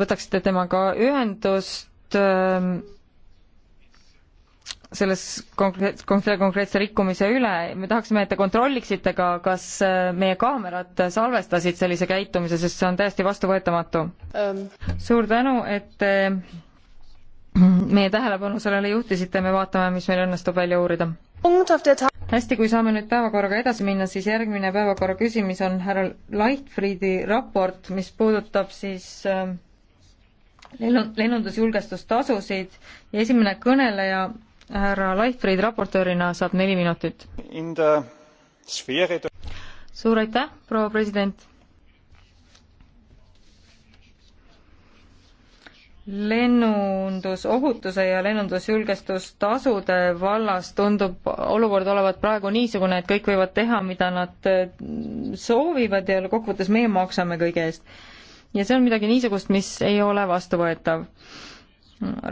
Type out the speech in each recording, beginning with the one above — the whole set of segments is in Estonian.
võtaksite temaga ühendust ähm, selles konkreetse, konkreetse, konkreetse rikkumise üle, me tahaksime, et te kontrolliksite ka, kas äh, meie kaamerad salvestasid sellise käitumise, sest see on täiesti vastuvõetamatu um.. suur tänu, et meie tähelepanu sellele juhtisite, me vaatame, mis meil õnnestub välja uurida. hästi, kui saame nüüd päevakorraga edasi minna, siis järgmine päevakorra küsimus on härra Leichtfriedi raport, mis puudutab siis äh, lennundusjulgestustasusid ja esimene kõneleja, härra Leifrid raportöörina saab neli minutit. suur aitäh, proua president! lennundusohutuse ja lennundusjulgestustasude vallas tundub olukord olevat praegu niisugune, et kõik võivad teha, mida nad soovivad ja kokkuvõttes meie maksame kõige eest ja see on midagi niisugust, mis ei ole vastuvõetav.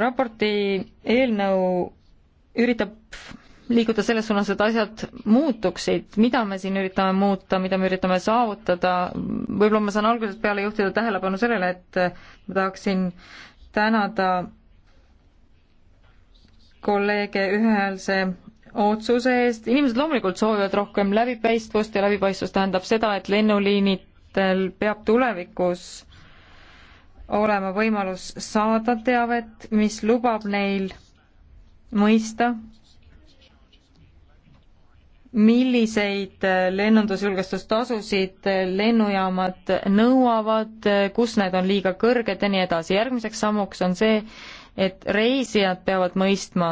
raporti eelnõu üritab liiguda selles suunas, et asjad muutuksid, mida me siin üritame muuta, mida me üritame saavutada, võib-olla ma saan algusest peale juhtida tähelepanu sellele, et ma tahaksin tänada kolleege ühehäälse otsuse eest, inimesed loomulikult soovivad rohkem läbipaistvust ja läbipaistvus tähendab seda, et lennuliinidel peab tulevikus olema võimalus saada teavet, mis lubab neil mõista, milliseid lennundusjulgestustasusid lennujaamad nõuavad, kus need on liiga kõrged ja nii edasi. järgmiseks sammuks on see, et reisijad peavad mõistma,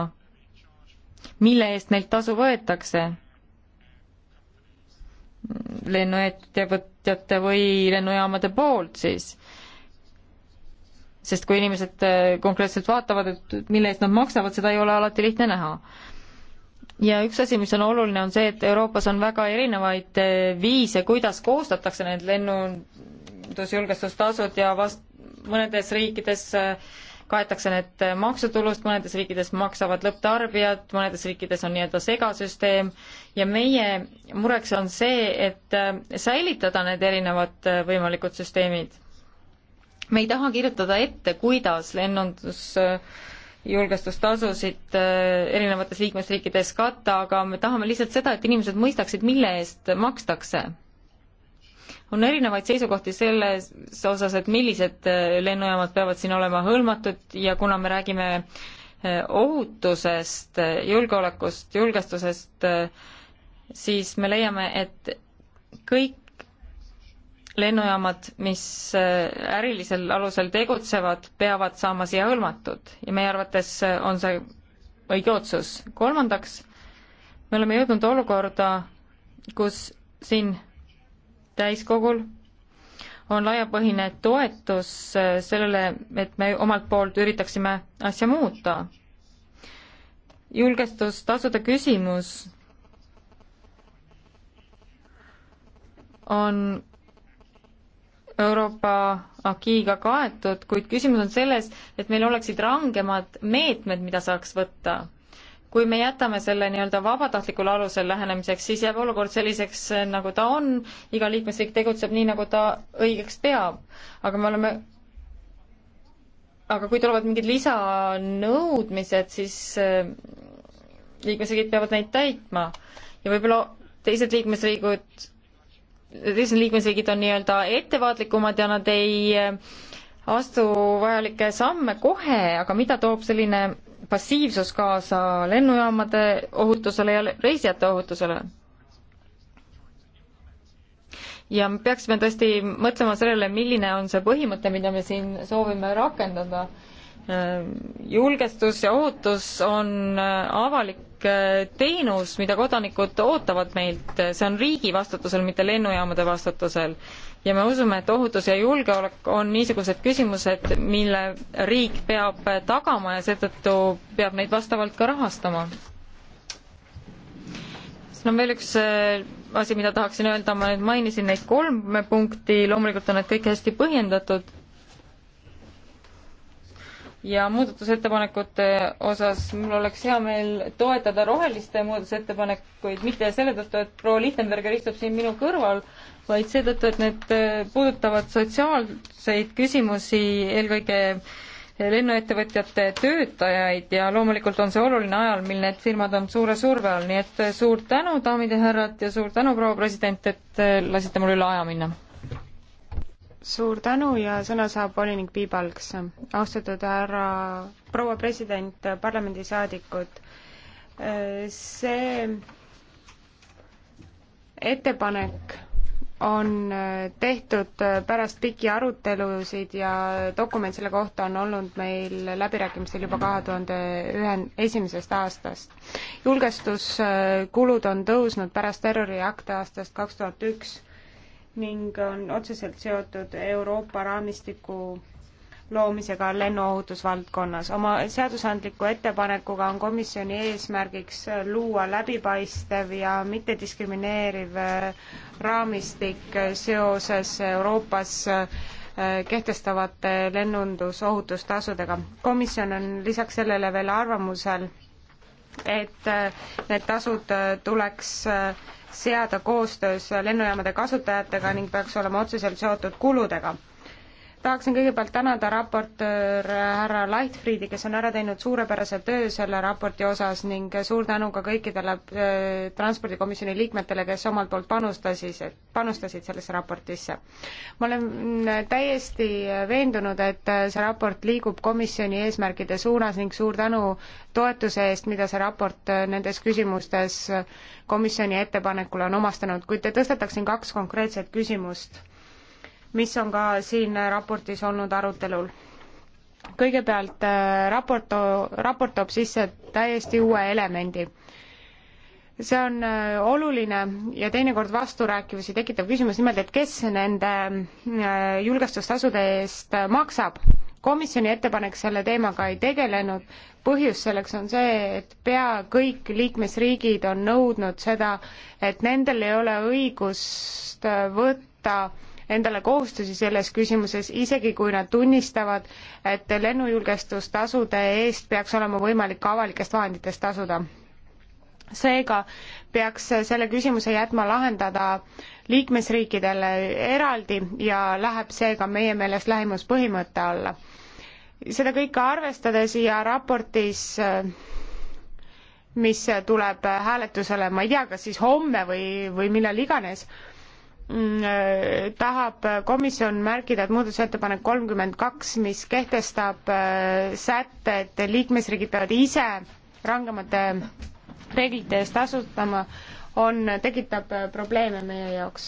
mille eest neilt tasu võetakse, lennuettevõtjate või lennujaamade poolt siis sest kui inimesed äh, konkreetselt vaatavad, et mille eest nad maksavad, seda ei ole alati lihtne näha. ja üks asi, mis on oluline, on see, et Euroopas on väga erinevaid äh, viise, kuidas koostatakse need lennundusjulgestustasud ja vast-, mõnedes riikides äh, kaetakse need maksutulust, mõnedes riikides maksavad lõpptarbijad, mõnedes riikides on nii-öelda segasüsteem ja meie mureks on see, et säilitada need erinevad võimalikud süsteemid me ei taha kirjutada ette, kuidas lennundus julgestustasusid äh, erinevates liikmesriikides katta, aga me tahame lihtsalt seda, et inimesed mõistaksid, mille eest makstakse. on erinevaid seisukohti selles osas, et millised äh, lennujaamad peavad siin olema hõlmatud ja kuna me räägime äh, ohutusest, julgeolekust, julgestusest, siis me leiame, et kõik lennujaamad, mis äh, ärilisel alusel tegutsevad, peavad saama siia hõlmatud ja meie arvates äh, on see õige otsus. kolmandaks, me oleme jõudnud olukorda, kus siin täiskogul on laiapõhine toetus äh, sellele, et me omalt poolt üritaksime asja muuta. julgestustasude küsimus on Euroopa agiiga kaetud, kuid küsimus on selles, et meil oleksid rangemad meetmed, mida saaks võtta. kui me jätame selle nii-öelda vabatahtlikul alusel lähenemiseks, siis jääb olukord selliseks, eh, nagu ta on, iga liikmesriik tegutseb nii, nagu ta õigeks peab. aga me oleme aga kui tulevad mingid lisanõudmised, siis eh, liikmesriigid peavad neid täitma ja võib-olla teised liikmesriigid teised liikmesriigid on nii-öelda ettevaatlikumad ja nad ei eh, astu vajalikke samme kohe, aga mida toob selline passiivsus kaasa lennujaamade ohutusele ja reisijate ohutusele? ja me peaksime tõesti mõtlema sellele, milline on see põhimõte, mida me siin soovime rakendada julgestus ja ootus on äh, avalik äh, teenus, mida kodanikud ootavad meilt, see on riigi vastutusel, mitte lennujaamade vastutusel. ja me usume, et ohutus ja julgeolek on niisugused küsimused, mille riik peab tagama ja seetõttu peab neid vastavalt ka rahastama. siin on veel üks äh, asi, mida tahaksin öelda, ma nüüd mainisin neid kolme punkti, loomulikult on need kõik hästi põhjendatud ja muudatusettepanekute osas mul oleks hea meel toetada roheliste muudatusettepanekuid, mitte selle tõttu, et proua Lichtenberger istub siin minu kõrval, vaid seetõttu, et need äh, puudutavad sotsiaalseid küsimusi, eelkõige lennuettevõtjate töötajaid ja loomulikult on see oluline ajal, mil need firmad on suure surve all, nii et äh, suur tänu, daamid ja härrad, ja suur tänu, proua president, et äh, lasite mul üle aja minna suur tänu ja sõna saab volinik Piibalks. austatud härra, proua president, parlamendisaadikud, see ettepanek on tehtud pärast pikki arutelusid ja dokument selle kohta on olnud meil läbirääkimistel juba kahe tuhande ühe, esimesest aastast. julgestuskulud on tõusnud pärast terroriakte aastast kaks tuhat üks ning on otseselt seotud Euroopa raamistiku loomisega lennuohutusvaldkonnas. oma seadusandliku ettepanekuga on komisjoni eesmärgiks luua läbipaistev ja mittediskrimineeriv äh, raamistik seoses Euroopas äh, kehtestavate lennundusohutustasudega. komisjon on lisaks sellele veel arvamusel, et äh, need tasud äh, tuleks äh, seada koostöös lennujaamade kasutajatega ning peaks olema otseselt seotud kuludega tahaksin kõigepealt tänada raportöör härra Leichtfriedi, kes on ära teinud suurepärase töö selle raporti osas ning suur tänu ka kõikidele äh, transpordikomisjoni liikmetele, kes omalt poolt panustasid, panustasid sellesse raportisse. ma olen äh, täiesti veendunud, et äh, see raport liigub komisjoni eesmärkide suunas ning suur tänu toetuse eest, mida see raport nendes küsimustes komisjoni ettepanekule on omastanud, kuid tõstataksin kaks konkreetset küsimust mis on ka siin raportis olnud arutelul. kõigepealt äh, raport, raport toob sisse täiesti uue elemendi see on äh, oluline ja teinekord vasturääkivusi tekitav küsimus, nimelt et kes nende äh, julgestustasude eest maksab. komisjoni ettepanek selle teemaga ei tegelenud, põhjus selleks on see, et pea kõik liikmesriigid on nõudnud seda, et nendel ei ole õigust võtta endale kohustusi selles küsimuses, isegi kui nad tunnistavad, et lennujulgestustasude eest peaks olema võimalik ka avalikest vahenditest tasuda. seega peaks selle küsimuse jätma lahendada liikmesriikidele eraldi ja läheb seega meie meelest lähimuspõhimõtte alla. seda kõike arvestades ja raportis mis tuleb hääletusele, ma ei tea, kas siis homme või, või millal iganes Mm, äh, tahab komisjon märkida, et muudatusettepanek kolmkümmend kaks, mis kehtestab äh, sätted, liikmesriigid peavad ise rangemate reeglite eest tasutama, on, tekitab äh, probleeme meie jaoks.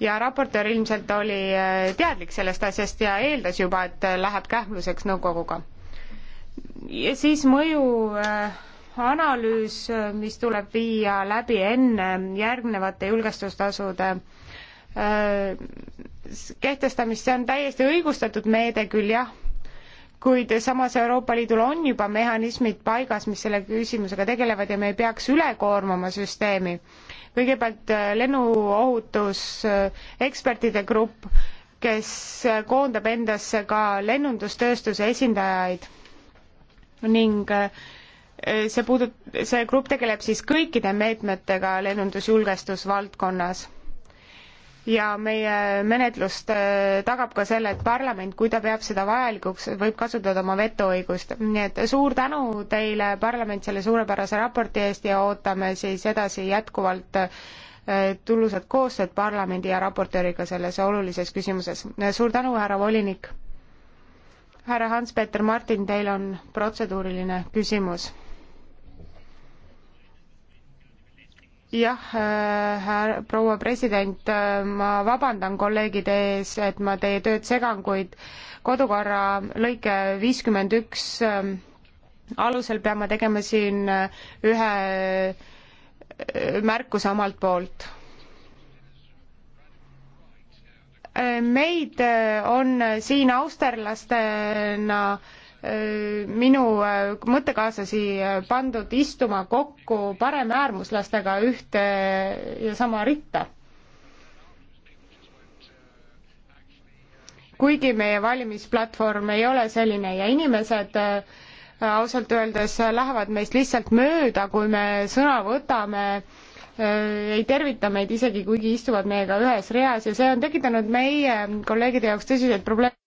ja raportöör ilmselt oli teadlik sellest asjast ja eeldas juba, et läheb kähmluseks nõukoguga. ja siis mõju äh, analüüs, mis tuleb viia läbi enne järgnevate julgestustasude äh, Äh, kehtestamist, see on täiesti õigustatud meede küll jah, kuid samas Euroopa Liidul on juba mehhanismid paigas, mis selle küsimusega tegelevad ja me ei peaks üle koormama süsteemi. kõigepealt äh, lennuohutusekspertide grupp, kes äh, koondab endasse ka lennundustööstuse esindajaid ning see puudut-, see grupp tegeleb siis kõikide meetmetega lennundusjulgestusvaldkonnas ja meie menetlust äh, tagab ka selle, et parlament, kui ta peab seda vajalikuks, võib kasutada oma vetoõigust. nii et suur tänu teile, parlament, selle suurepärase raporti eest ja ootame siis edasi jätkuvalt äh, tulusat koostööd parlamendi ja raportööriga selles olulises küsimuses. Äh, suur tänu, härra volinik! härra Hans-Peter Martin, teil on protseduuriline küsimus jah, äh, härra, proua president, äh, ma vabandan kolleegide ees, et ma teie tööd segan, kuid kodukorra lõike viiskümmend üks äh, alusel pean ma tegema siin ühe märkuse omalt poolt meid on siin austerlastena minu äh, mõttekaaslasi äh, pandud istuma kokku paremäärmuslastega ühte äh, ja sama ritta. kuigi meie valimisplatvorm ei ole selline ja inimesed ausalt öeldes lähevad meist lihtsalt mööda, kui me sõna võtame, ei tervita meid isegi, kuigi istuvad meiega ühes reas ja see on tekitanud meie kolleegide jaoks tõsiseid probleeme.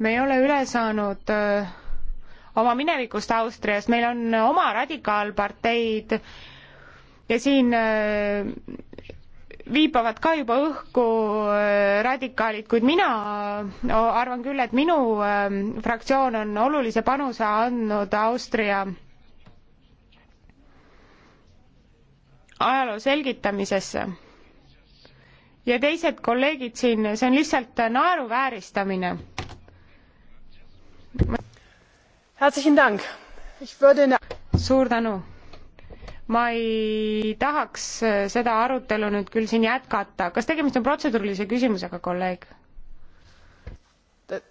me ei ole üle saanud äh, oma minevikust Austrias, meil on oma radikaalparteid ja siin äh, viipavad ka juba õhku äh, radikaalid, kuid mina arvan küll, et minu fraktsioon on olulise panuse andnud Austria ajaloo selgitamisesse. ja teised kolleegid siin, see on lihtsalt naeruvääristamine suur tänu ma ei tahaks äh, seda arutelu nüüd küll siin jätkata kas tegemist on protseduurilise küsimusega kolleeg äh,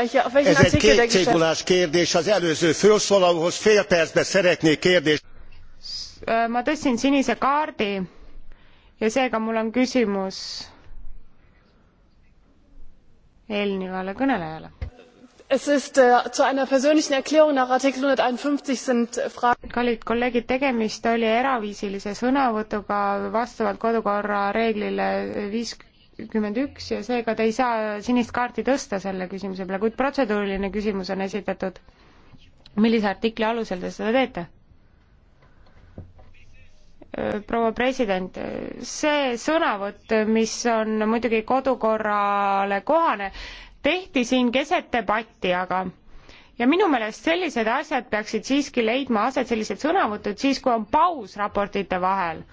ez egy kétségulás kérdés az előző felszólalóhoz fél percben szeretnék kérdést ma tõstsin sinise kaardi ja seega mul on küsimus eelnevale kõnelejale. Äh, kallid kolleegid, tegemist oli eraviisilise sõnavõtuga vastavalt kodukorra reeglile viiskümmend üks ja seega te ei saa sinist kaarti tõsta selle küsimuse peale, kuid protseduuriline küsimus on esitatud. millise artikli alusel te seda teete? proua president, see sõnavõtt, mis on muidugi kodukorrale kohane, tehti siin keset debatti, aga ja minu meelest sellised asjad peaksid siiski leidma aset, sellised sõnavõtud siis, kui on paus raportite vahel.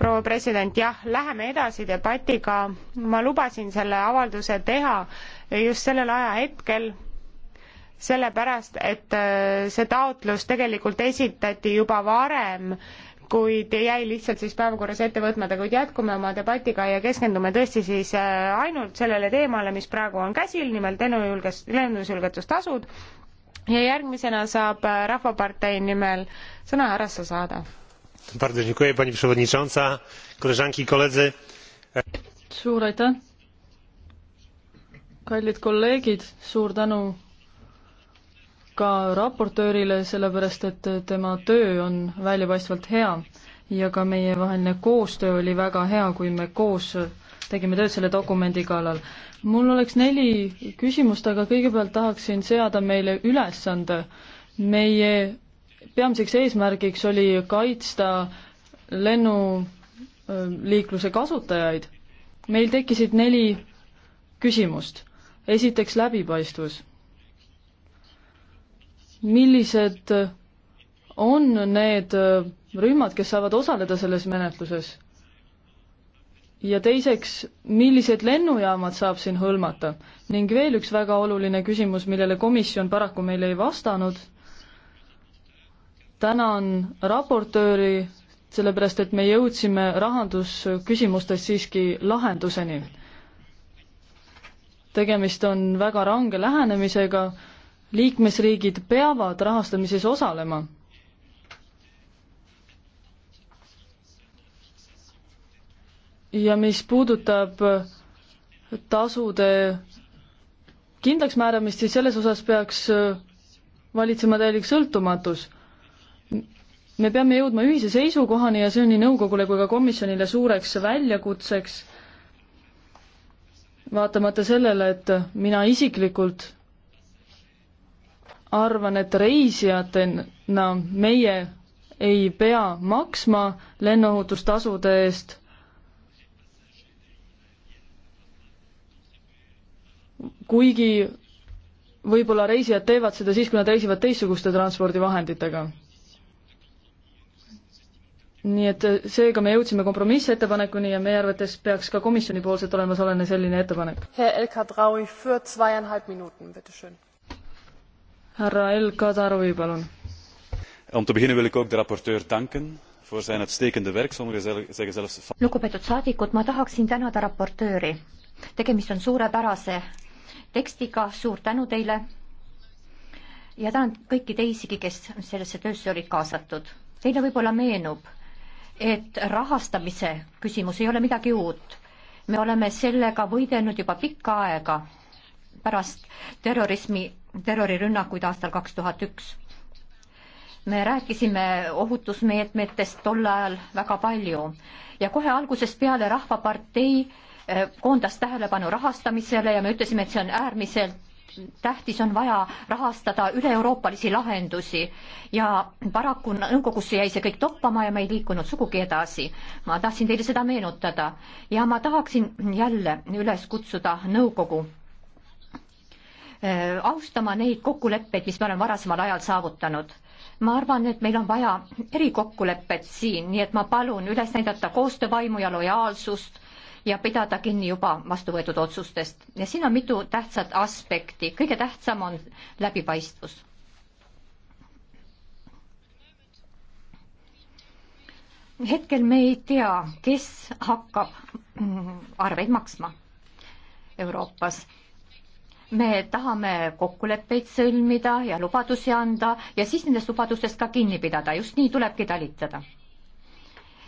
proua president, jah, läheme edasi debatiga, ma lubasin selle avalduse teha just sellel ajahetkel sellepärast, et äh, see taotlus tegelikult esitati juba varem kuid jäi lihtsalt siis päevakorras ette võtmata, kuid jätkume oma debatiga ja keskendume tõesti siis äh, ainult sellele teemale, mis praegu on käsil, nimelt lennujulges, lennusülgetustasud. ja järgmisena saab äh, Rahvapartei nimel sõna härra Sasaada. suur aitäh, kallid kolleegid, suur tänu ka raportöörile, sellepärast et tema töö on väljapaistvalt hea ja ka meievaheline koostöö oli väga hea, kui me koos tegime tööd selle dokumendi kallal. mul oleks neli küsimust, aga kõigepealt tahaksin seada meile ülesande. meie peamiseks eesmärgiks oli kaitsta lennuliikluse kasutajaid. meil tekkisid neli küsimust. esiteks läbipaistvus millised on need rühmad, kes saavad osaleda selles menetluses? ja teiseks, millised lennujaamad saab siin hõlmata? ning veel üks väga oluline küsimus, millele komisjon paraku meile ei vastanud, tänan raportööri, sellepärast et me jõudsime rahandusküsimustes siiski lahenduseni. tegemist on väga range lähenemisega, liikmesriigid peavad rahastamises osalema. ja mis puudutab tasude kindlaksmääramist, siis selles osas peaks valitsema täielik sõltumatus. me peame jõudma ühise seisukohani ja see on nii nõukogule kui ka komisjonile suureks väljakutseks, vaatamata sellele, et mina isiklikult arvan, et reisijatena meie ei pea maksma lennuohutustasude eest, kuigi võib-olla reisijad teevad seda siis, kui nad reisivad teistsuguste transpordivahenditega. nii et seega me jõudsime kompromissettepanekuni ja meie arvates peaks ka komisjonipoolselt olemas olema selline ettepanek. Herr El Kadraui, für zweieinhalb Minuten, bitte schön härra El Kadarovi, palun. Om te beginnen wil ik ook de raporteur danken voor zijn uitstekende werk, sommigen zeggen zelfs. lugupeetud saadikud, ma tahaksin tänada raportööri. tegemist on suurepärase tekstiga, suur tänu teile. ja tänan kõiki teisigi, kes sellesse töösse olid kaasatud. Teile võib-olla meenub, et rahastamise küsimus ei ole midagi uut. me oleme sellega võidelnud juba pikka aega pärast terrorismi terrorirünnakuid aastal kaks tuhat üks. me rääkisime ohutusmeetmetest tol ajal väga palju ja kohe algusest peale Rahvapartei eh, koondas tähelepanu rahastamisele ja me ütlesime, et see on äärmiselt tähtis on vaja rahastada üle-euroopalisi lahendusi ja paraku nõukogusse jäi see kõik toppama ja me ei liikunud sugugi edasi. ma tahtsin teile seda meenutada ja ma tahaksin jälle üles kutsuda nõukogu Äh, austama neid kokkuleppeid, mis me oleme varasemal ajal saavutanud. ma arvan, et meil on vaja erikokkulepet siin, nii et ma palun üles näidata koostöövaimu ja lojaalsust ja pidada kinni juba vastu võetud otsustest. ja siin on mitu tähtsat aspekti, kõige tähtsam on läbipaistvus hetkel me ei tea, kes hakkab mm, arveid maksma Euroopas me tahame kokkuleppeid sõlmida ja lubadusi anda ja siis nendest lubadustest ka kinni pidada, just nii tulebki talitada.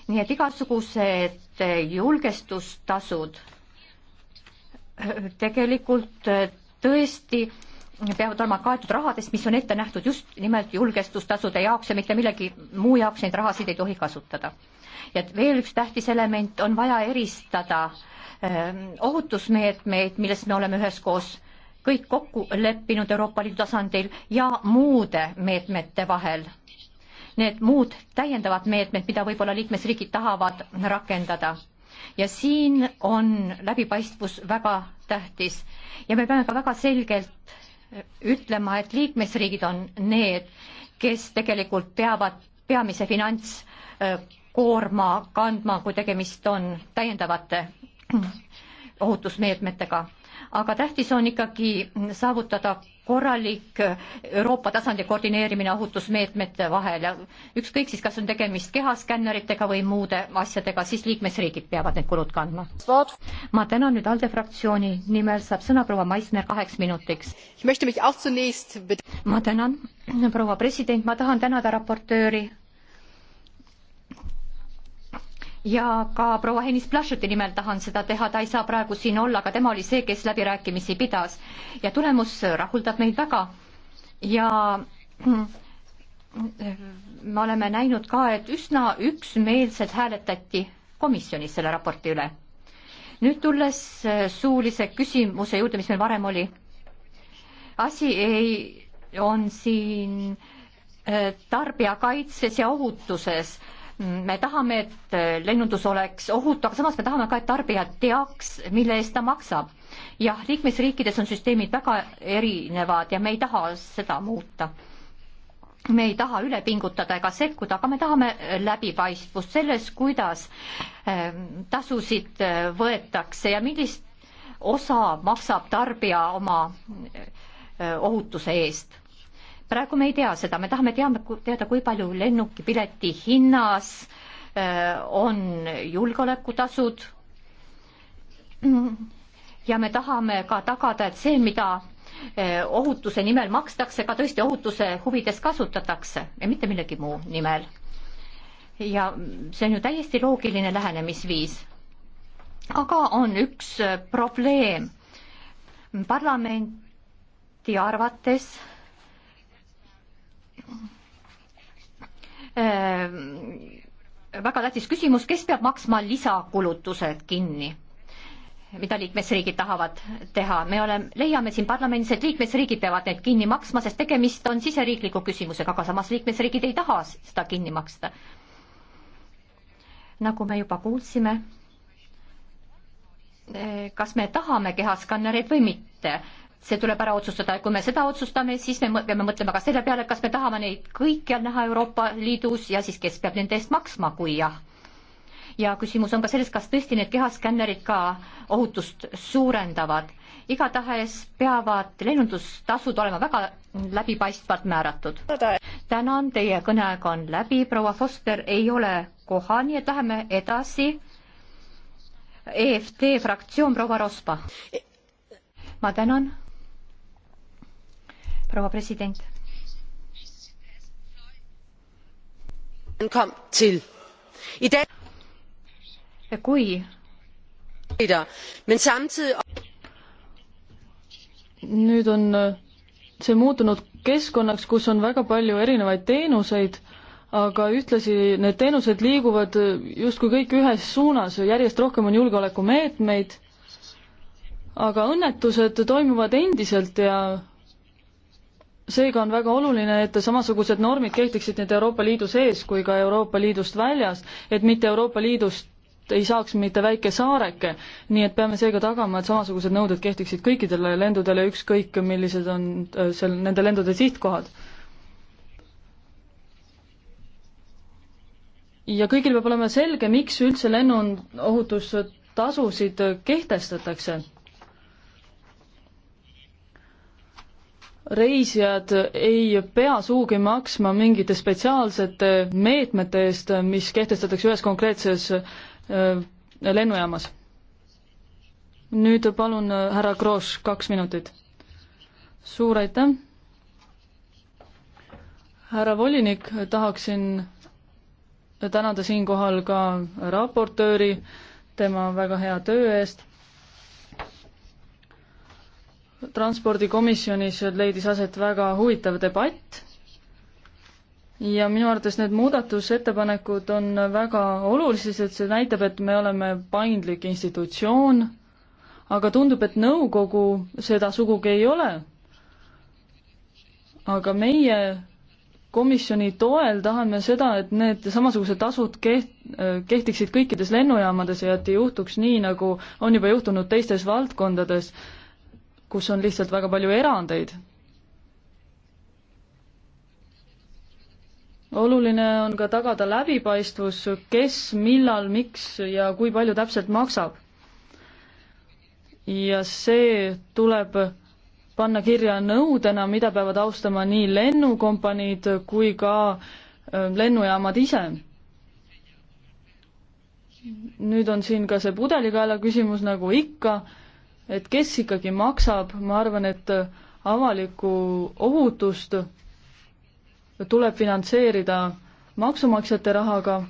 nii et igasugused julgestustasud äh, tegelikult äh, tõesti peavad olema kaetud rahadest, mis on ette nähtud just nimelt julgestustasude jaoks ja mitte millegi muu jaoks neid rahasid ei tohi kasutada. ja veel üks tähtis element on vaja eristada äh, ohutusmeetmeid, millest me oleme üheskoos äh, kõik kokku leppinud Euroopa Liidu tasandil ja muude meetmete vahel. Need muud täiendavad meetmed, mida võib-olla liikmesriigid tahavad rakendada. ja siin on läbipaistvus väga tähtis ja me peame ka väga selgelt ütlema, et liikmesriigid on need, kes tegelikult peavad peamise finantskoorma äh, kandma, kui tegemist on täiendavate ohutusmeetmetega aga tähtis on ikkagi saavutada korralik Euroopa tasandi koordineerimine ohutusmeetmete vahel ja ükskõik siis, kas on tegemist kehaskänneritega või muude asjadega, siis liikmesriigid peavad need kulud kandma. ma tänan nüüd ALDE fraktsiooni nimel, saab sõna proua Maisner kaheks minutiks. ma tänan, proua president, ma tahan tänada raportööri ja ka proua Hennis Plašuti nimel tahan seda teha, ta ei saa praegu siin olla, aga tema oli see, kes läbirääkimisi pidas ja tulemus rahuldab meid väga. ja mm, me oleme näinud ka, et üsna üksmeelselt hääletati komisjonis selle raporti üle. nüüd tulles suulise küsimuse juurde, mis meil varem oli. asi ei, on siin eh, tarbijakaitses ja ohutuses me tahame, et lennundus oleks ohutu, aga samas me tahame ka, et tarbija teaks, mille eest ta maksab. jah, liikmesriikides on süsteemid väga erinevad ja me ei taha seda muuta. me ei taha üle pingutada ega sekkuda, aga me tahame läbipaistvust selles, kuidas ähm, tasusid äh, võetakse ja millist osa maksab tarbija oma äh, ohutuse eest praegu me ei tea seda, me tahame teame, teada, kui palju lennukipileti hinnas äh, on julgeolekutasud. ja me tahame ka tagada, et see, mida äh, ohutuse nimel makstakse, ka tõesti ohutuse huvides kasutatakse ja mitte millegi muu nimel. ja see on ju täiesti loogiline lähenemisviis. aga on üks äh, probleem. parlamenti arvates Äh, väga tähtis küsimus, kes peab maksma lisakulutused kinni? mida liikmesriigid tahavad teha, me oleme, leiame siin parlamendis, et liikmesriigid peavad need kinni maksma, sest tegemist on siseriikliku küsimusega, aga samas liikmesriigid ei taha seda kinni maksta. nagu me juba kuulsime, äh, kas me tahame kehaskannereid või mitte see tuleb ära otsustada ja kui me seda otsustame, siis me peame mõtlema ka selle peale, kas me tahame neid kõikjal näha Euroopa Liidus ja siis kes peab nende eest maksma, kui jah. ja küsimus on ka selles, kas tõesti need kehaskännerid ka ohutust suurendavad. igatahes peavad lennundustasud olema väga läbipaistvalt määratud. tänan, teie kõneaeg on läbi, proua Foster ei ole kohal, nii et läheme edasi. EFT fraktsioon, proua Rospa. E ma tänan proua president. kui nüüd on äh, see muutunud keskkonnaks, kus on väga palju erinevaid teenuseid, aga ühtlasi need teenused liiguvad äh, justkui kõik ühes suunas, järjest rohkem on julgeolekumeetmeid, aga õnnetused toimuvad endiselt ja seega on väga oluline, et samasugused normid kehtiksid nüüd Euroopa Liidu sees kui ka Euroopa Liidust väljas, et mitte Euroopa Liidust ei saaks mitte väike saareke, nii et peame seega tagama, et samasugused nõuded kehtiksid kõikidele lendudele, ükskõik millised on äh, seal nende lendude sihtkohad. ja kõigil peab olema selge, miks üldse lennuohutustasusid kehtestatakse reisijad ei pea sugugi maksma mingite spetsiaalsete meetmete eest, mis kehtestatakse ühes konkreetses äh, lennujaamas. nüüd palun, äh, härra Kross, kaks minutit. suur aitäh! härra volinik, tahaksin tänada siinkohal ka raportööri tema väga hea töö eest transpordikomisjonis leidis aset väga huvitav debatt ja minu arvates need muudatusettepanekud on väga olulised, see näitab, et me oleme paindlik institutsioon, aga tundub, et nõukogu seda sugugi ei ole. aga meie komisjoni toel tahame seda, et need samasugused tasud keht-, kehtiksid kõikides lennujaamades ja et ei juhtuks nii, nagu on juba juhtunud teistes valdkondades kus on lihtsalt väga palju erandeid. oluline on ka tagada läbipaistvus, kes, millal, miks ja kui palju täpselt maksab. ja see tuleb panna kirja nõudena, mida peavad austama nii lennukompaniid kui ka äh, lennujaamad ise. nüüd on siin ka see pudelikaela küsimus, nagu ikka et kes ikkagi maksab, ma arvan, et avalikku ohutust tuleb finantseerida maksumaksjate rahaga.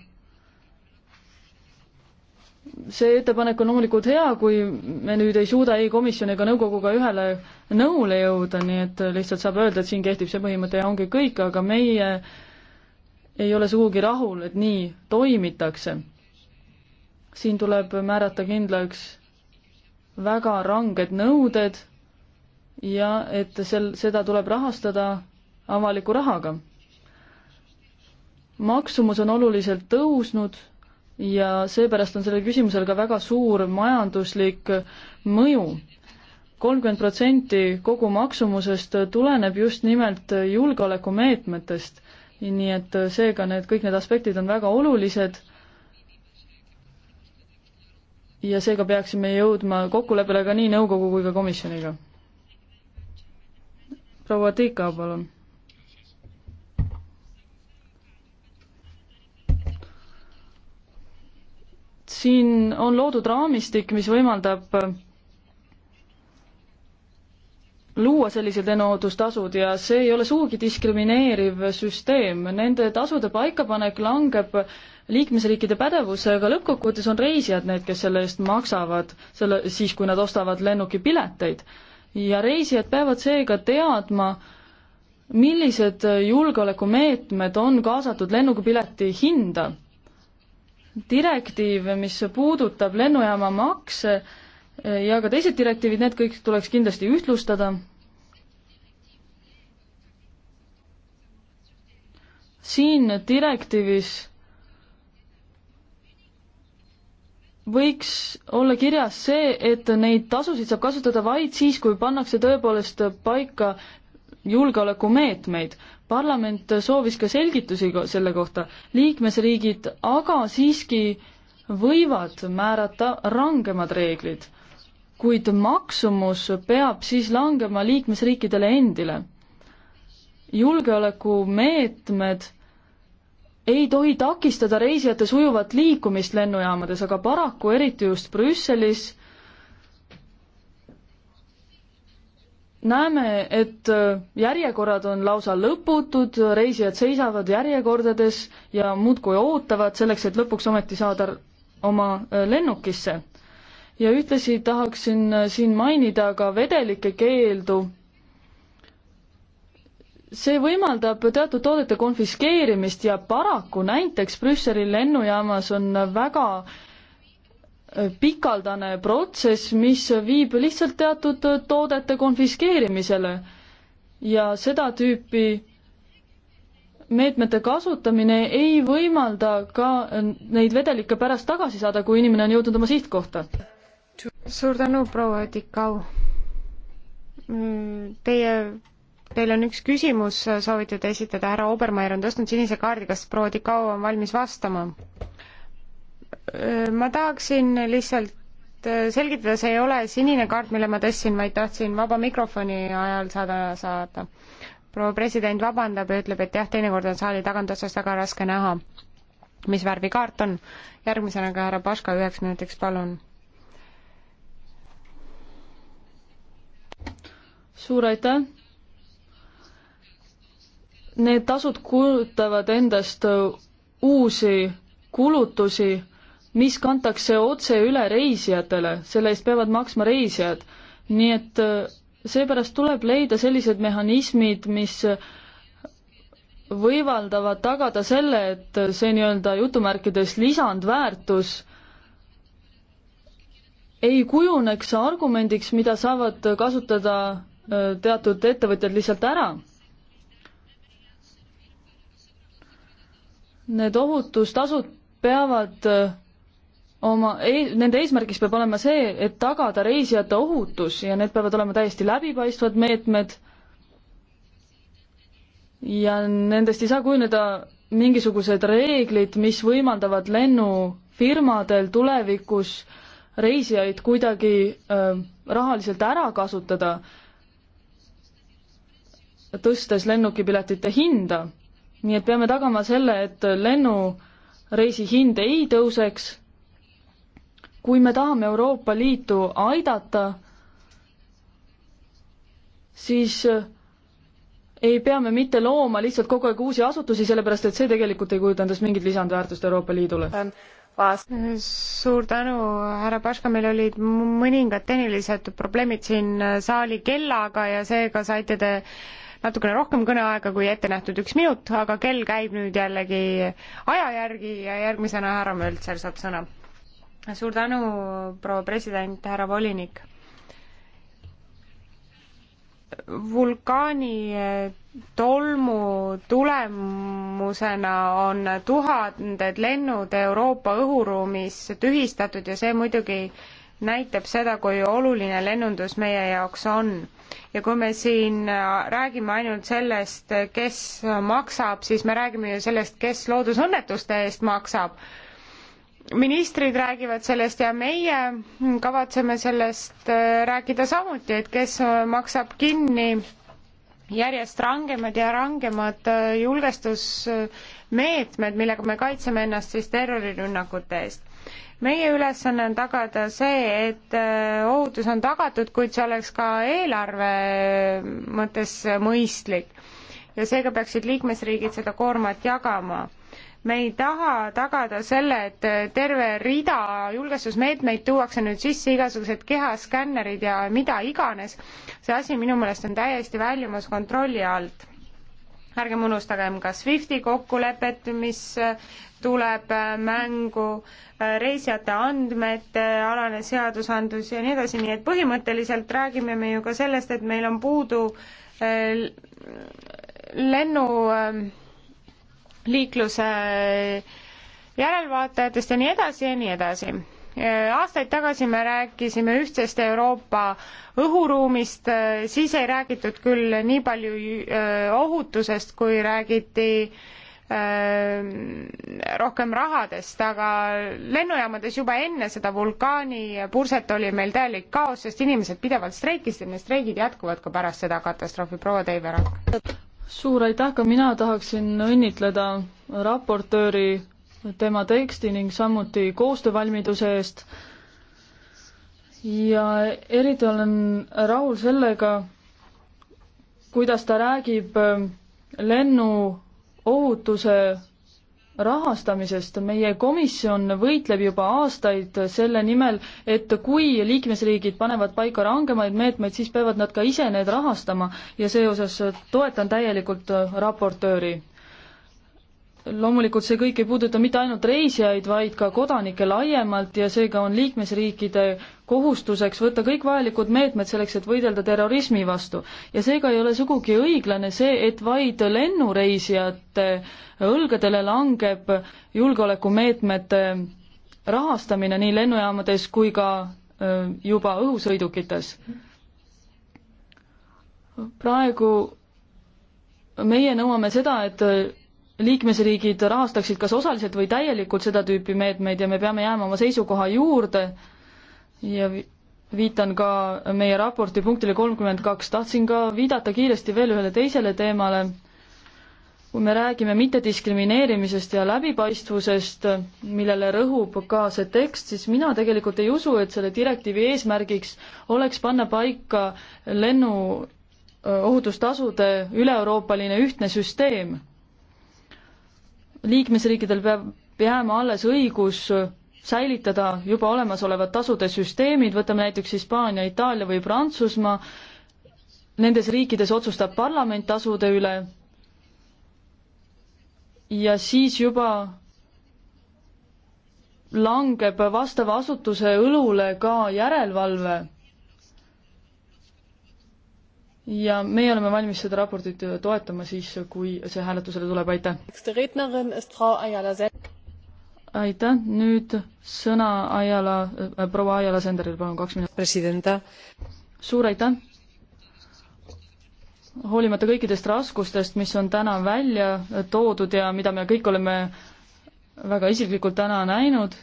see ettepanek on loomulikult hea, kui me nüüd ei suuda ei komisjoni ega nõukoguga ühele nõule jõuda, nii et lihtsalt saab öelda, et siin kehtib see põhimõte ja ongi kõik, aga meie ei ole sugugi rahul, et nii toimitakse. siin tuleb määrata kindlaks väga ranged nõuded ja et sel, seda tuleb rahastada avaliku rahaga. maksumus on oluliselt tõusnud ja seepärast on sellel küsimusel ka väga suur majanduslik mõju. kolmkümmend protsenti kogu maksumusest tuleneb just nimelt julgeolekumeetmetest, nii et seega need, kõik need aspektid on väga olulised ja seega peaksime jõudma kokkuleppele ka nii nõukogu kui ka komisjoniga. proua Tiika, palun siin on loodud raamistik, mis võimaldab luua sellised lennundustasud ja see ei ole sugugi diskrimineeriv süsteem, nende tasude paikapanek langeb liikmesriikide pädevusse, aga lõppkokkuvõttes on reisijad need, kes selle eest maksavad, selle, siis kui nad ostavad lennukipileteid. ja reisijad peavad seega teadma, millised julgeolekumeetmed on kaasatud lennukipileti hinda. direktiiv, mis puudutab lennujaama makse, ja ka teised direktiivid, need kõik tuleks kindlasti ühtlustada. siin direktiivis võiks olla kirjas see, et neid tasusid saab kasutada vaid siis, kui pannakse tõepoolest paika julgeolekumeetmeid. parlament soovis ka selgitusi selle kohta. liikmesriigid aga siiski võivad määrata rangemad reeglid kuid maksumus peab siis langema liikmesriikidele endile. julgeolekumeetmed ei tohi takistada reisijate sujuvat liikumist lennujaamades, aga paraku eriti just Brüsselis näeme, et järjekorrad on lausa lõputud, reisijad seisavad järjekordades ja muudkui ootavad selleks, et lõpuks ometi saada oma lennukisse ja ühtlasi tahaksin äh, siin mainida ka vedelike keeldu. see võimaldab teatud toodete konfiskeerimist ja paraku näiteks Brüsseli lennujaamas on väga äh, pikaldane protsess, mis viib lihtsalt teatud äh, toodete konfiskeerimisele ja seda tüüpi meetmete kasutamine ei võimalda ka neid vedelikke pärast tagasi saada, kui inimene on jõudnud oma sihtkohta suur tänu, proua Tikau. Mm, teie, teil on üks küsimus, äh, soovite te esitada, härra Obermeier on tõstnud sinise kaardi, kas proua Tikau on valmis vastama? Äh, ma tahaksin lihtsalt äh, selgitada, see ei ole sinine kaart, mille ma tõstsin, vaid tahtsin vaba mikrofoni ajal saada, saada. proua president vabandab ja ütleb, et jah, teinekord on saali tagantotsast väga raske näha, mis värvi kaart on. järgmisena ka härra Paška üheks minutiks, palun suur aitäh! Need tasud kujutavad endast uusi kulutusi, mis kantakse otse üle reisijatele, selle eest peavad maksma reisijad. nii et eh, seepärast tuleb leida sellised mehhanismid, mis võimaldavad tagada selle, et see nii-öelda jutumärkides lisandväärtus ei kujuneks argumendiks, mida saavad kasutada teatud ettevõtjad lihtsalt ära. Need ohutustasud peavad oma, e-, nende eesmärgiks peab olema see, et tagada reisijate ohutus ja need peavad olema täiesti läbipaistvad meetmed ja nendest ei saa kujuneda mingisugused reeglid, mis võimaldavad lennufirmadel tulevikus reisijaid kuidagi äh, rahaliselt ära kasutada äh, tõstes lennukipiletite hinda. nii et peame tagama selle, et lennureisi hind ei tõuseks. kui me tahame Euroopa Liitu aidata, siis ei pea me mitte looma lihtsalt kogu aeg uusi asutusi, sellepärast et see tegelikult ei kujuta endast mingit lisandväärtust Euroopa Liidule. suur tänu, härra Paška, meil olid mõningad tehnilised probleemid siin saali kellaga ja seega saite te natukene rohkem kõneaega kui ette nähtud üks minut, aga kell käib nüüd jällegi aja järgi ja järgmisena härra Möltser saab sõna. suur tänu, proua president, härra volinik. vulkaani tolmu tulemusena on tuhanded lennud Euroopa õhuruumis tühistatud ja see muidugi näitab seda, kui oluline lennundus meie jaoks on ja kui me siin äh, räägime ainult sellest, kes maksab, siis me räägime ju sellest, kes loodusõnnetuste eest maksab. ministrid räägivad sellest ja meie kavatseme sellest äh, rääkida samuti, et kes äh, maksab kinni järjest rangemad ja rangemad julgestusmeetmed, millega me kaitseme ennast siis terrorirünnakute eest meie ülesanne on tagada see, et äh, ohutus on tagatud, kuid see oleks ka eelarve mõttes mõistlik. ja seega peaksid liikmesriigid seda koormat jagama me ei taha tagada selle, et äh, terve rida julgestusmeetmeid tuuakse nüüd sisse, igasugused kehaskännerid ja mida iganes. see asi minu meelest on täiesti väljumas kontrolli alt ärgem unustagem ka SWIFTi kokkulepet, mis äh, tuleb äh, mängu, äh, reisijate andmete alane seadusandlus ja nii edasi, nii et põhimõtteliselt räägime me ju ka sellest, et meil on puudu lennuliikluse järelvaatajatest ja nii edasi ja nii edasi Äh, aastaid tagasi me rääkisime ühtsest Euroopa õhuruumist, äh, siis ei räägitud küll nii palju äh, ohutusest, kui räägiti rohkem rahadest, aga lennujaamades juba enne seda vulkaani purset oli meil täielik kaos, sest inimesed pidevalt streikisid ja need streigid jätkuvad ka pärast seda katastroofi. proua Teive Rakk. suur aitäh, ka mina tahaksin õnnitleda raportööri tema teksti ning samuti koostöövalmiduse eest. ja eriti olen rahul sellega, kuidas ta räägib äh, lennuohutuse rahastamisest. meie komisjon võitleb juba aastaid selle nimel, et kui liikmesriigid panevad paika rangemaid meetmeid, siis peavad nad ka ise need rahastama ja seoses toetan täielikult raportööri loomulikult see kõik ei puuduta mitte ainult reisijaid, vaid ka kodanikke laiemalt ja seega on liikmesriikide kohustuseks võtta kõik vajalikud meetmed selleks, et võidelda terrorismi vastu. ja seega ei ole sugugi õiglane see, et vaid lennureisijate õlgadele langeb julgeolekumeetmete rahastamine nii lennujaamades kui ka juba õhusõidukites. praegu meie nõuame seda, et liikmesriigid rahastaksid kas osaliselt või täielikult seda tüüpi meetmeid ja me peame jääma oma seisukoha juurde ja viitan ka meie raporti punktile kolmkümmend kaks, tahtsin ka viidata kiiresti veel ühele teisele teemale, kui me räägime mittediskrimineerimisest ja läbipaistvusest, millele rõhub ka see tekst, siis mina tegelikult ei usu, et selle direktiivi eesmärgiks oleks panna paika lennu ohutustasude üle-euroopaline ühtne süsteem liikmesriikidel peab jääma alles õigus säilitada juba olemasolevad tasude süsteemid, võtame näiteks Hispaania, Itaalia või Prantsusmaa, nendes riikides otsustab parlament tasude üle ja siis juba langeb vastava asutuse õlule ka järelevalve ja meie oleme valmis seda raportit äh, toetama siis, kui see hääletusele tuleb, aitäh! aitäh, nüüd sõna Ajala äh,, proua Ajala Senderil, palun kaks minutit. suur aitäh! hoolimata kõikidest raskustest, mis on täna välja toodud ja mida me kõik oleme väga isiklikult täna näinud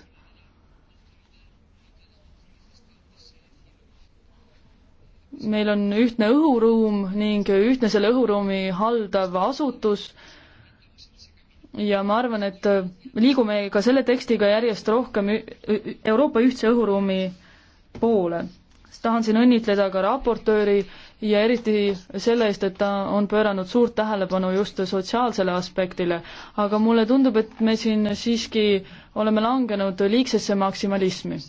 meil on ühtne õhuruum ning ühtne selle õhuruumi haldav asutus ja ma arvan, et liigume ka selle tekstiga järjest rohkem Euroopa ühtse õhuruumi poole. tahan siin õnnitleda ka raportööri ja eriti selle eest, et ta on pööranud suurt tähelepanu just sotsiaalsele aspektile, aga mulle tundub, et me siin siiski oleme langenud liigsesse maksimalismi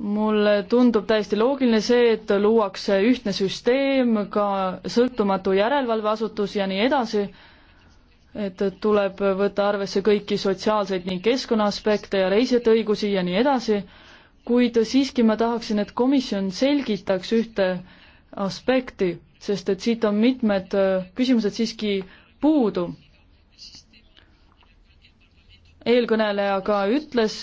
mulle tundub täiesti loogiline see, et luuakse ühtne süsteem, ka sõltumatu järelevalveasutus ja nii edasi, et tuleb võtta arvesse kõiki sotsiaalseid ning keskkonnaaspekte ja reisijate õigusi ja nii edasi, kuid siiski ma tahaksin, et komisjon selgitaks ühte aspekti, sest et siit on mitmed äh, küsimused siiski puudu. eelkõneleja ka ütles,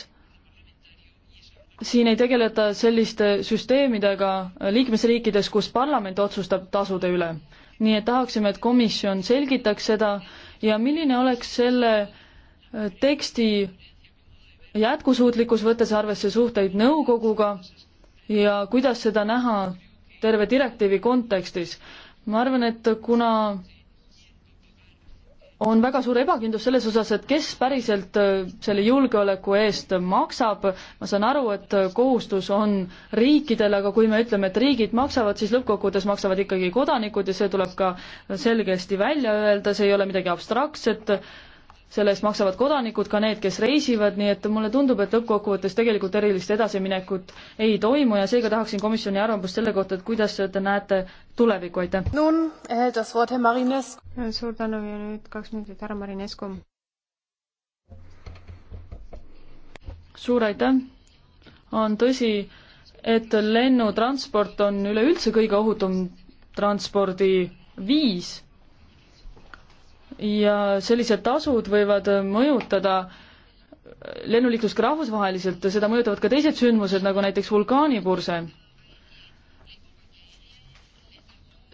siin ei tegeleta selliste süsteemidega liikmesriikides, kus parlament otsustab tasude üle. nii et tahaksime, et komisjon selgitaks seda ja milline oleks selle äh, teksti jätkusuutlikkus, võttes arvesse suhteid nõukoguga ja kuidas seda näha terve direktiivi kontekstis. ma arvan, et kuna on väga suur ebakindlus selles osas, et kes päriselt äh, selle julgeoleku eest maksab, ma saan aru, et äh, kohustus on riikidel, aga kui me ütleme, et riigid maksavad, siis lõppkokkuvõttes maksavad ikkagi kodanikud ja see tuleb ka selgesti välja öelda, see ei ole midagi abstraktset, selle eest maksavad kodanikud, ka need, kes reisivad, nii et mulle tundub, et lõppkokkuvõttes tegelikult erilist edasiminekut ei toimu ja seega tahaksin komisjoni arvamust selle kohta, et kuidas te näete tulevikku, aitäh. Äh, äh, suur tänu ja nüüd kaks minutit härra Marinescu. suur aitäh. on tõsi, et lennutransport on üleüldse kõige ohutum transpordiviis ja sellised tasud võivad mõjutada lennuliiklust ka rahvusvaheliselt, seda mõjutavad ka teised sündmused, nagu näiteks vulkaanipurse.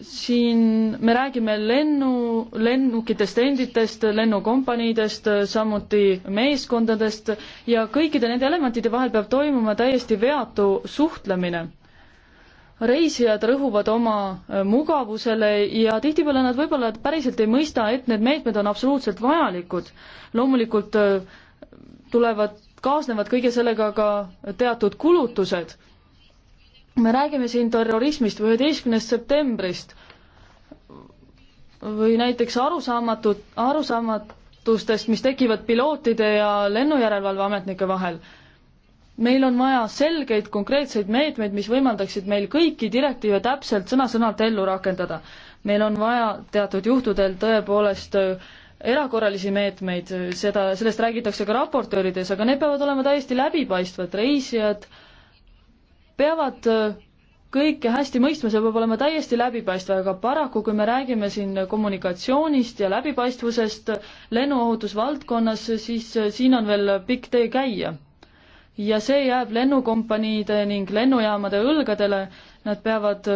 siin me räägime lennu, lennukitest enditest, lennukompaniidest, samuti meeskondadest ja kõikide nende elementide vahel peab toimuma täiesti veatu suhtlemine reisijad rõhuvad oma mugavusele ja tihtipeale nad võib-olla päriselt ei mõista, et need meetmed on absoluutselt vajalikud. loomulikult tulevad, kaasnevad kõige sellega ka teatud kulutused. me räägime siin terrorismist või üheteistkümnest septembrist või näiteks arusaamatud, arusaamatustest, mis tekivad pilootide ja lennujärelevalveametnike vahel meil on vaja selgeid konkreetseid meetmeid, mis võimaldaksid meil kõiki direktiive täpselt sõna-sõnalt ellu rakendada. meil on vaja teatud juhtudel tõepoolest äh, erakorralisi meetmeid, äh, seda, sellest räägitakse ka raportöörides, aga need peavad olema täiesti läbipaistvad, reisijad peavad äh, kõike hästi mõistma, see peab olema täiesti läbipaistev, aga paraku, kui me räägime siin kommunikatsioonist ja läbipaistvusest lennuohutusvaldkonnas, siis siin on veel pikk tee käia ja see jääb lennukompaniide ning lennujaamade õlgadele, nad peavad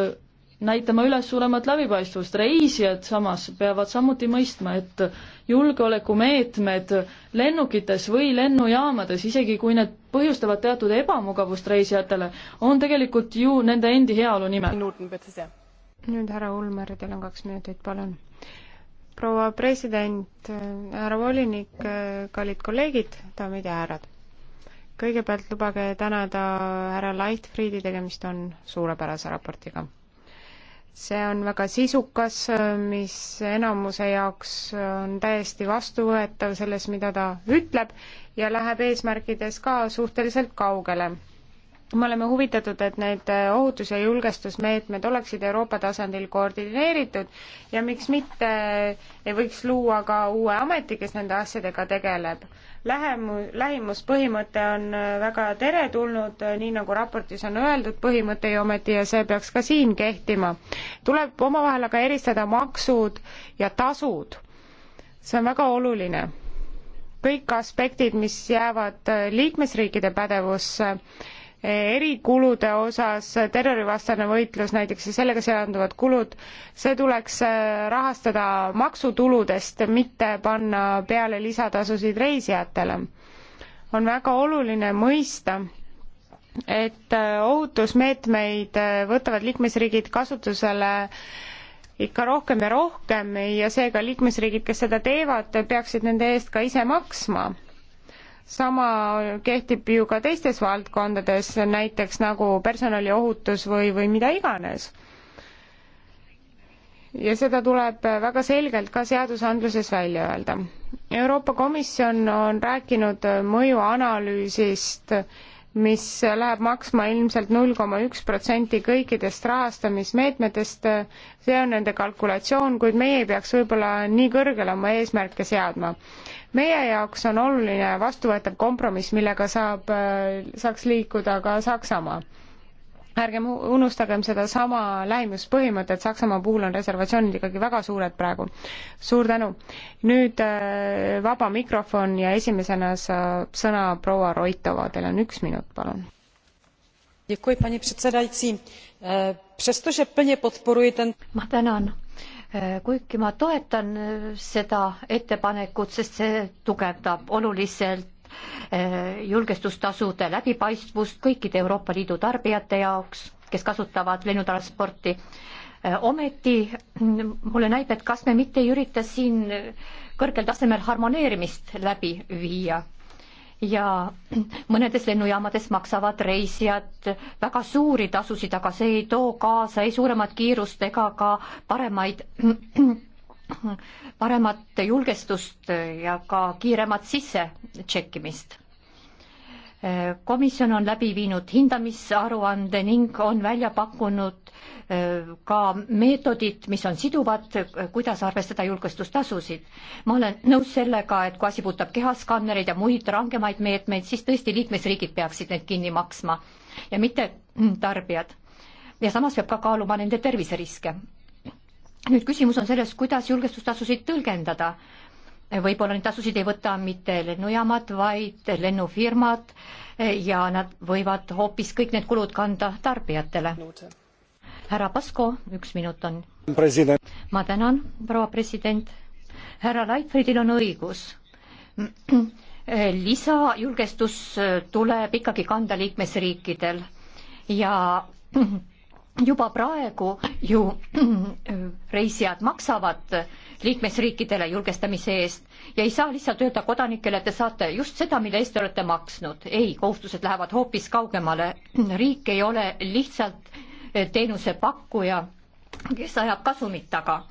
näitama üles suuremat läbipaistvust, reisijad samas peavad samuti mõistma, et julgeolekumeetmed lennukites või lennujaamades, isegi kui need põhjustavad teatud ebamugavust reisijatele, on tegelikult ju nende endi heaolu nimel. nüüd härra Ulmer, teil on kaks minutit, palun. proua president, härra volinik, kallid kolleegid, daamid ja härrad kõigepealt lubage tänada härra Leichtfriedi, tegemist on suurepärase raportiga. see on väga sisukas, mis enamuse jaoks on täiesti vastuvõetav selles, mida ta ütleb ja läheb eesmärkides ka suhteliselt kaugele me oleme huvitatud, et need äh, ohutus- ja julgestusmeetmed oleksid Euroopa tasandil koordineeritud ja miks mitte äh, ei võiks luua ka uue ameti, kes nende asjadega tegeleb. Lähemu-, lähimuspõhimõte on äh, väga teretulnud, nii nagu raportis on öeldud, põhimõte ju ometi ja see peaks ka siin kehtima. tuleb omavahel aga eristada maksud ja tasud. see on väga oluline. kõik aspektid, mis jäävad liikmesriikide pädevusse, erikulude osas, terrorivastane võitlus näiteks ja sellega seonduvad kulud, see tuleks äh, rahastada maksutuludest, mitte panna peale lisatasusid reisijatele. on väga oluline mõista, et äh, ohutusmeetmeid äh, võtavad liikmesriigid kasutusele ikka rohkem ja rohkem ja seega liikmesriigid, kes seda teevad, peaksid nende eest ka ise maksma sama kehtib ju ka teistes valdkondades, näiteks nagu personaliohutus või, või mida iganes. ja seda tuleb väga selgelt ka seadusandluses välja öelda. Euroopa Komisjon on rääkinud mõjuanalüüsist, mis läheb maksma ilmselt null koma üks protsenti kõikidest rahastamismeetmetest, see on nende kalkulatsioon, kuid meie ei peaks võib-olla nii kõrgele oma eesmärke seadma meie jaoks on oluline vastuvõetav kompromiss, millega saab, äh, saaks liikuda ka Saksamaa. ärgem unustagem sedasama lähimuspõhimõtet, Saksamaa puhul on reservatsioonid ikkagi väga suured praegu. suur tänu. nüüd äh, vaba mikrofon ja esimesena saab sõna proua Roitova, teil on üks minut, palun paní předsedající äh, přestože plně podporuji tento kuigi ma toetan äh, seda ettepanekut, sest see tugevdab oluliselt äh, julgestustasude läbipaistvust kõikide Euroopa Liidu tarbijate jaoks, kes kasutavad lennutransporti. Äh, ometi mm, mulle näib, et kas me mitte ei ürita siin kõrgel tasemel harmoneerimist läbi viia ja mõnedes lennujaamades maksavad reisijad väga suuri tasusid, aga see ei too kaasa ei suuremat kiirust ega ka paremaid paremat julgestust ja ka kiiremat sisse tšekkimist komisjon on läbi viinud hindamisaruande ning on välja pakkunud äh, ka meetodid, mis on siduvad, äh, kuidas arvestada julgestustasusid. ma olen nõus sellega, et kui asi puudutab kehaskannereid ja muid rangemaid meetmeid, siis tõesti liikmesriigid peaksid need kinni maksma ja mitte tarbijad. ja samas peab ka kaaluma nende terviseriske. nüüd küsimus on selles, kuidas julgestustasusid tõlgendada võib-olla neid tasusid ei võta mitte lennujaamad, vaid lennufirmad ja nad võivad hoopis kõik need kulud kanda tarbijatele. härra Pasko, üks minut on. ma tänan, proua president. härra Leitfriedil on õigus lisajulgestus tuleb ikkagi kanda liikmesriikidel ja juba praegu ju äh, reisijad maksavad liikmesriikidele julgestamise eest ja ei saa lihtsalt öelda kodanikele, et te saate just seda, mille eest te olete maksnud. ei, kohustused lähevad hoopis kaugemale. riik ei ole lihtsalt äh, teenusepakkuja, kes ajab kasumit taga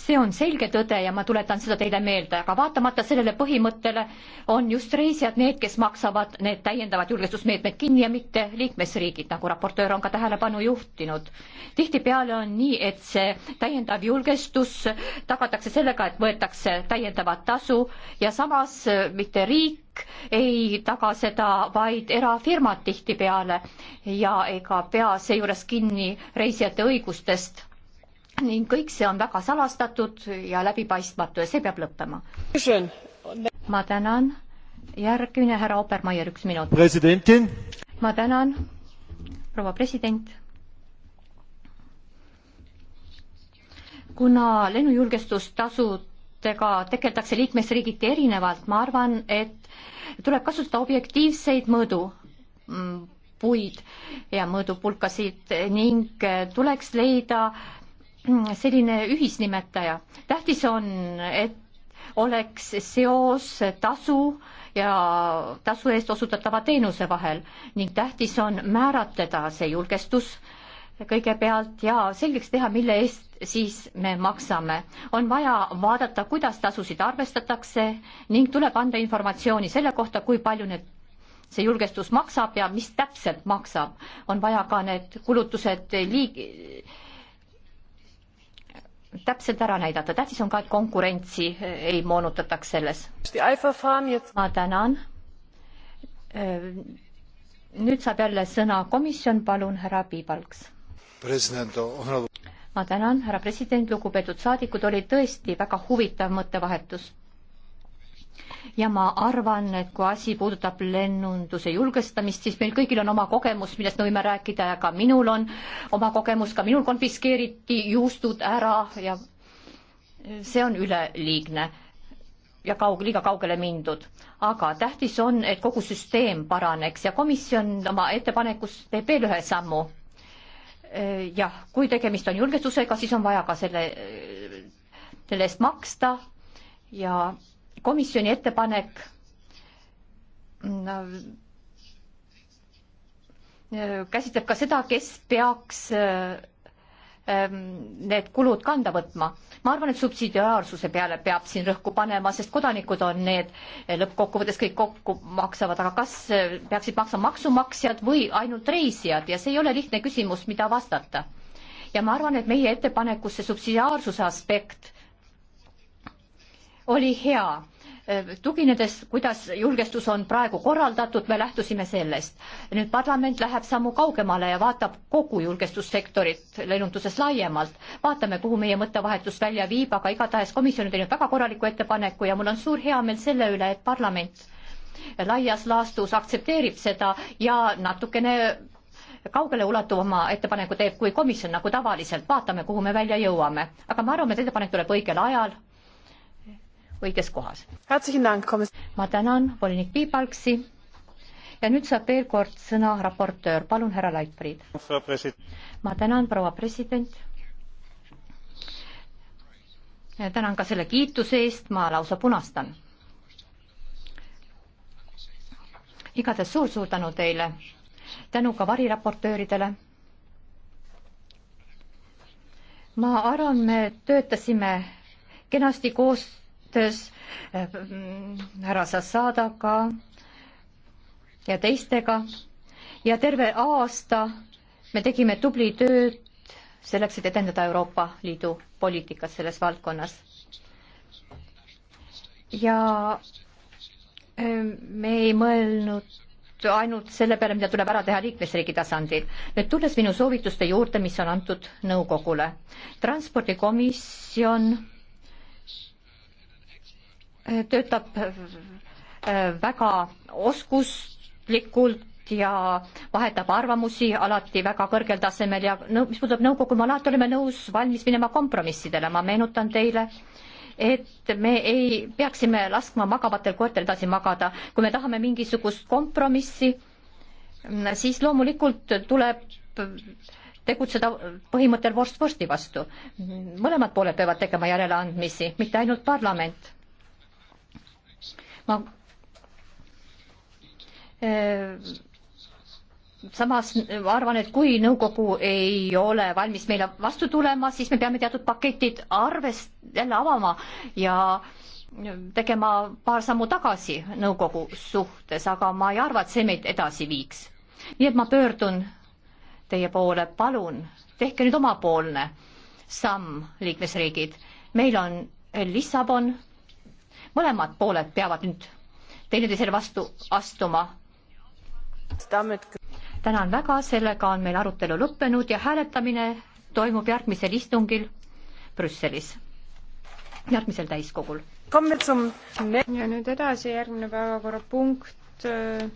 see on selge tõde ja ma tuletan seda teile meelde, aga vaatamata sellele põhimõttele on just reisijad need, kes maksavad need täiendavad julgestusmeetmed kinni ja mitte liikmesriigid, nagu raportöör on ka tähelepanu juhtinud. tihtipeale on nii, et see täiendav julgestus tagatakse sellega, et võetakse täiendavat tasu ja samas mitte riik, ei taga seda, vaid erafirmad tihtipeale ja ega pea seejuures kinni reisijate õigustest ning kõik see on väga salastatud ja läbipaistmatu ja see peab lõppema. ma tänan, järgmine härra Obermeier, üks minut. ma tänan, proua president. kuna lennujulgestustasudega tegeldakse liikmesriigiti erinevalt, ma arvan, et tuleb kasutada objektiivseid mõõdu mm, puid ja mõõdupulkasid ning tuleks leida selline ühisnimetaja. tähtis on, et oleks seos tasu ja tasu eest osutatava teenuse vahel ning tähtis on määratleda see julgestus kõigepealt ja selgeks teha, mille eest siis me maksame. on vaja vaadata, kuidas tasusid arvestatakse ning tuleb anda informatsiooni selle kohta, kui palju need see julgestus maksab ja mis täpselt maksab. on vaja ka need kulutused liig-, täpselt ära näidata, tähtis on ka, et konkurentsi eh, ei moonutataks selles. ma tänan. Eh, nüüd saab jälle sõna komisjon, palun, härra Piibalks. ma tänan, härra president, lugupeetud saadikud, oli tõesti väga huvitav mõttevahetus ja ma arvan, et kui asi puudutab lennunduse julgestamist, siis meil kõigil on oma kogemus, millest me võime rääkida ja ka minul on oma kogemus, ka minul konfiskeeriti juustud ära ja see on üleliigne ja kaug-, liiga kaugele mindud. aga tähtis on, et kogu süsteem paraneks ja komisjon oma ettepanekus teeb veel ühe sammu. E, jah, kui tegemist on julgestusega, siis on vaja ka selle, e, selle eest maksta ja komisjoni ettepanek mm, äh, käsitleb ka seda, kes peaks äh, ähm, need kulud kanda võtma. ma arvan, et subsidiaarsuse peale peab siin rõhku panema, sest kodanikud on need äh, lõppkokkuvõttes kõik kokku maksavad, aga kas peaksid maksma maksumaksjad või ainult reisijad ja see ei ole lihtne küsimus, mida vastata. ja ma arvan, et meie ettepanekus see subsidiaarsuse aspekt oli hea Äh, tuginedes, kuidas julgestus on praegu korraldatud, me lähtusime sellest. nüüd parlament läheb sammu kaugemale ja vaatab kogu julgestussektorit lennunduses laiemalt. vaatame, kuhu meie mõttevahetus välja viib, aga igatahes komisjon on teinud väga korraliku ettepaneku ja mul on suur heameel selle üle, et parlament laias laastus aktsepteerib seda ja natukene kaugele ulatuvama ettepaneku teeb kui komisjon, nagu tavaliselt, vaatame, kuhu me välja jõuame. aga me arvame, et ettepanek tuleb õigel ajal õiges kohas. ma tänan volinik Piibalksi ja nüüd saab veel kord sõna raportöör, palun, härra Leitfried. ma tänan, proua president. tänan ka selle kiituse eest, ma lausa punastan. igatahes suur-suur tänu teile, tänu ka variraportööridele ma arvan, me töötasime kenasti koos suhtes äh, härra Sassadaga ja teistega ja terve aasta me tegime tubli tööd selleks, et edendada Euroopa Liidu poliitikat selles valdkonnas. ja äh, me ei mõelnud ainult selle peale, mida tuleb ära teha liikmesriigi tasandil. nüüd tulles minu soovituste juurde, mis on antud nõukogule. transpordikomisjon töötab äh, väga oskuslikult ja vahetab arvamusi alati väga kõrgel tasemel ja no mis puudutab nõukogu, me alati oleme nõus valmis minema kompromissidele, ma meenutan teile, et me ei, peaksime laskma magavatel koertel edasi magada, kui me tahame mingisugust kompromissi, siis loomulikult tuleb tegutseda põhimõttel vorst vorsti vastu. mõlemad pooled peavad tegema järeleandmisi, mitte ainult parlament ma e, samas ma arvan, et kui nõukogu ei ole valmis meile vastu tulema, siis me peame teatud paketid arvest jälle avama ja tegema paar sammu tagasi nõukogu suhtes, aga ma ei arva, et see meid edasi viiks. nii et ma pöördun teie poole, palun tehke nüüd omapoolne samm, liikmesriigid. meil on Lissabon mõlemad pooled peavad nüüd teineteisele vastu astuma. tänan väga, sellega on meil arutelu lõppenud ja hääletamine toimub järgmisel istungil Brüsselis, järgmisel täiskogul. ja nüüd edasi, järgmine päevakorrapunkt. Äh,